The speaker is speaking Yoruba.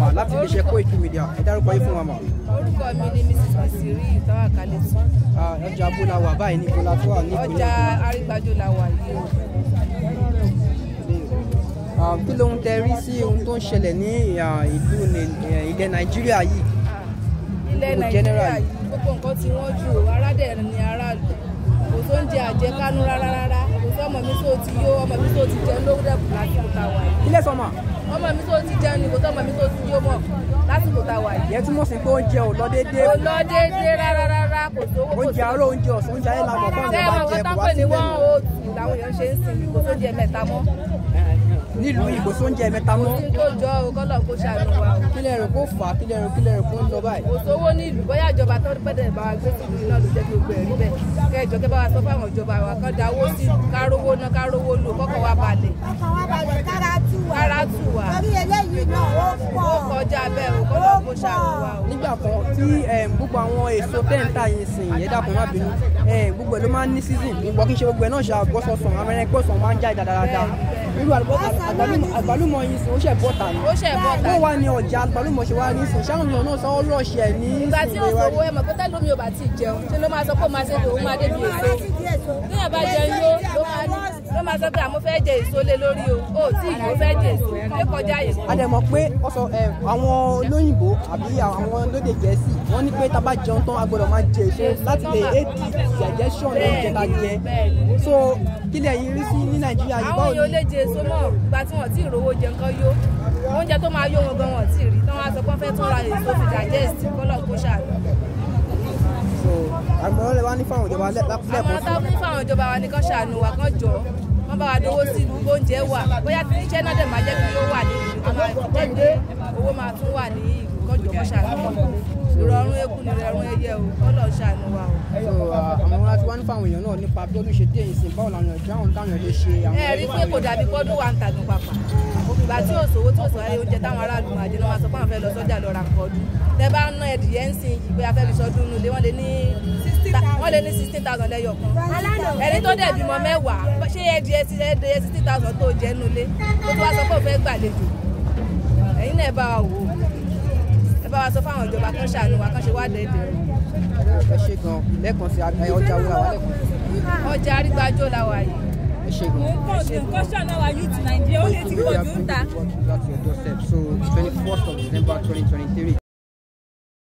mà láti iléeṣẹ́ Koiki Media ẹ dárúkọ yín fún wa mà. orúkọ mi ni mrs bisiri Tawakaleti. ọjà abúlá wà báyìí ní bọ́lá tó wà ní ìpínlẹ̀. ọjà arígbájó la wà yìí o. kí ló ń tẹrí sí ohun tó ń ṣẹlẹ̀ ní ìlú ilẹ̀ nàìjíríà yìí. ilẹ̀ nàìjíríà yìí gbogbo nǹkan tí wọ́n ju aládẹ̀ ni aráàlú kò tó ń jẹ àjẹkánú rárá rárá ọmọ mi tó ti yó ọmọ mi tó ti jẹun lówó dẹ̀kù lásìkò tá a wà ilé sọmọ. ọmọ mi tó ti jẹun nìkó tó ọmọ mi tó ti yó mọ lásìkò tá a wà ìyẹn túmọ̀ sí pé oúnjẹ ò lọ déédéé. ò lọ déédéé rárá rárá kò sówó kò sówó. oúnjẹ àárọ̀ oúnjẹ ọ̀sán oúnjẹ ayé oh làwọn ọ̀gbọ́n nílùú yìí kò sóúnjẹ mẹ́ta mọ́. kò sí tó jọ o kọ́lọ̀ kó ṣàánú wa o. kílẹ̀ rò kó fà á kílẹ̀ rò kílẹ̀ rò kó ń lọ báyìí. kò nílùú bóyá ìjọba tó pẹ̀lẹ́ bá wa gbé sílùú iná ló jẹ́ kí gbogbo ẹ̀rí bẹ̀. kẹjọ kẹ bá wa sọ fáwọn ìjọba wa kan dáwó sí kárówó náà kárówó lò kọ́kọ́ wa balẹ̀. kọ́kọ́ wa balẹ̀ kára tù wá. kára tù wá. torí eléyìí náà ó pọ̀. ó kọjá bẹ́ẹ̀ nígbà kan tí gbogbo àwọn èso tẹ́ǹtà yìí sìn yẹn dàpọ̀ má bínú gbogbo ẹ̀ ló máa ń ní season ìgbọ́ kí n ṣe gbogbo ẹ̀ náà ṣe àgbọ̀sọ̀sọ̀ amẹ́rẹ́ pọ̀sọ̀ máa ń jáde dáadáa irú àgbálùmọ̀ yìí sìn ó ṣẹ̀ bọ́ta ni bó wà ní ọjà àgbálùmọ̀ ṣe wá ní sìn ṣáwọn ọ̀nà náà sọ pé òun wá sọ pé àmọ́ fẹ́ jẹ èso lé lórí o ó tí ìlú fẹ́ jẹ èso lé kọjá yẹn. a dẹ̀ mọ̀ pé wọ́n sọ àwọn olóyìnbó àbí àwọn lóde gẹ̀ẹ́sì wọ́n ní pé tá bá jẹun tán a gbọ́dọ̀ máa jẹ èso láti lè aid digestion oúnjẹ tá jẹ so kí lè yí rí sí ní nàìjíríà yìí báwo ni. àwọn yóò lè jẹ èso mọ́ ìgbà tí wọ́n ti rówó jẹ nǹkan yó oúnjẹ tó máa yó wọn gan wọn ti rí tán wá sọ pé wọ́n fẹ́ tún ra èso fi digest kọ́lọ̀ kó ṣàlù ní fáwọn ìjọba lẹ́kọ̀ọ́ fún. àwọn táwọn fún fáwọn ìjọba wa ni kán ṣàánú wa kán jọ wọ́n bá wa dówó sí gbogbo oúnjẹ wà bóyá iṣẹ́ náà dẹ̀ máa jẹ́ kí ó wà ní ìlú tó máa fi jẹ́ pé owó máa tún wà ní ìkọ́jọ́ ṣàánú ìrọ̀rùn eku ni ìrọ̀rùn ẹyẹ o kọ́lọ̀ ṣàánú wa o. so àwọn ará tí wọ́n ń fa àwọn èèyàn náà nípa bí olùṣèdè ìsìn báwo làwọn èèyàn dáhùn dáhùn lè ṣe àwọn. ẹ rí i pé kò dàbí pọ́dún wa ń tàgùn papà ìgbà tí òṣòwò tí òṣòwò ayé oúnjẹ táwọn aráàlú máa jẹ náà wọ́n sọ pé àwọn fẹ́ lọ sọ́jà lọ ra nǹkan ọdún tẹ bá ná ẹdìyẹ ń sìn yìí pé a fẹ́ fi sọdún nulẹ̀ wọ́n lè ní wọ́n lè ní sixteen thousand lẹ́yọ̀ kan ẹni tó dẹ̀ bímọ mẹ́wàá ṣé ẹdìyẹ ẹdìyẹ sixteen thousand tó jẹ́ nulẹ̀ tó tó wá sọ pé ó fẹ́ gbàlejò ẹ̀yin náà ẹ bá wa wò ó ẹ bá wa sọ fáwọn ìjọba kan ṣàánú wa kan ṣe wá déédéé ọjà wo làwọn lẹ́ẹ̀kan yìí ṣe gan. mo ń pọ̀ tó kọ́ṣọ́ náà wá Nigeria ó lè ti pọ̀ so twenty fourth of December twenty twenty three.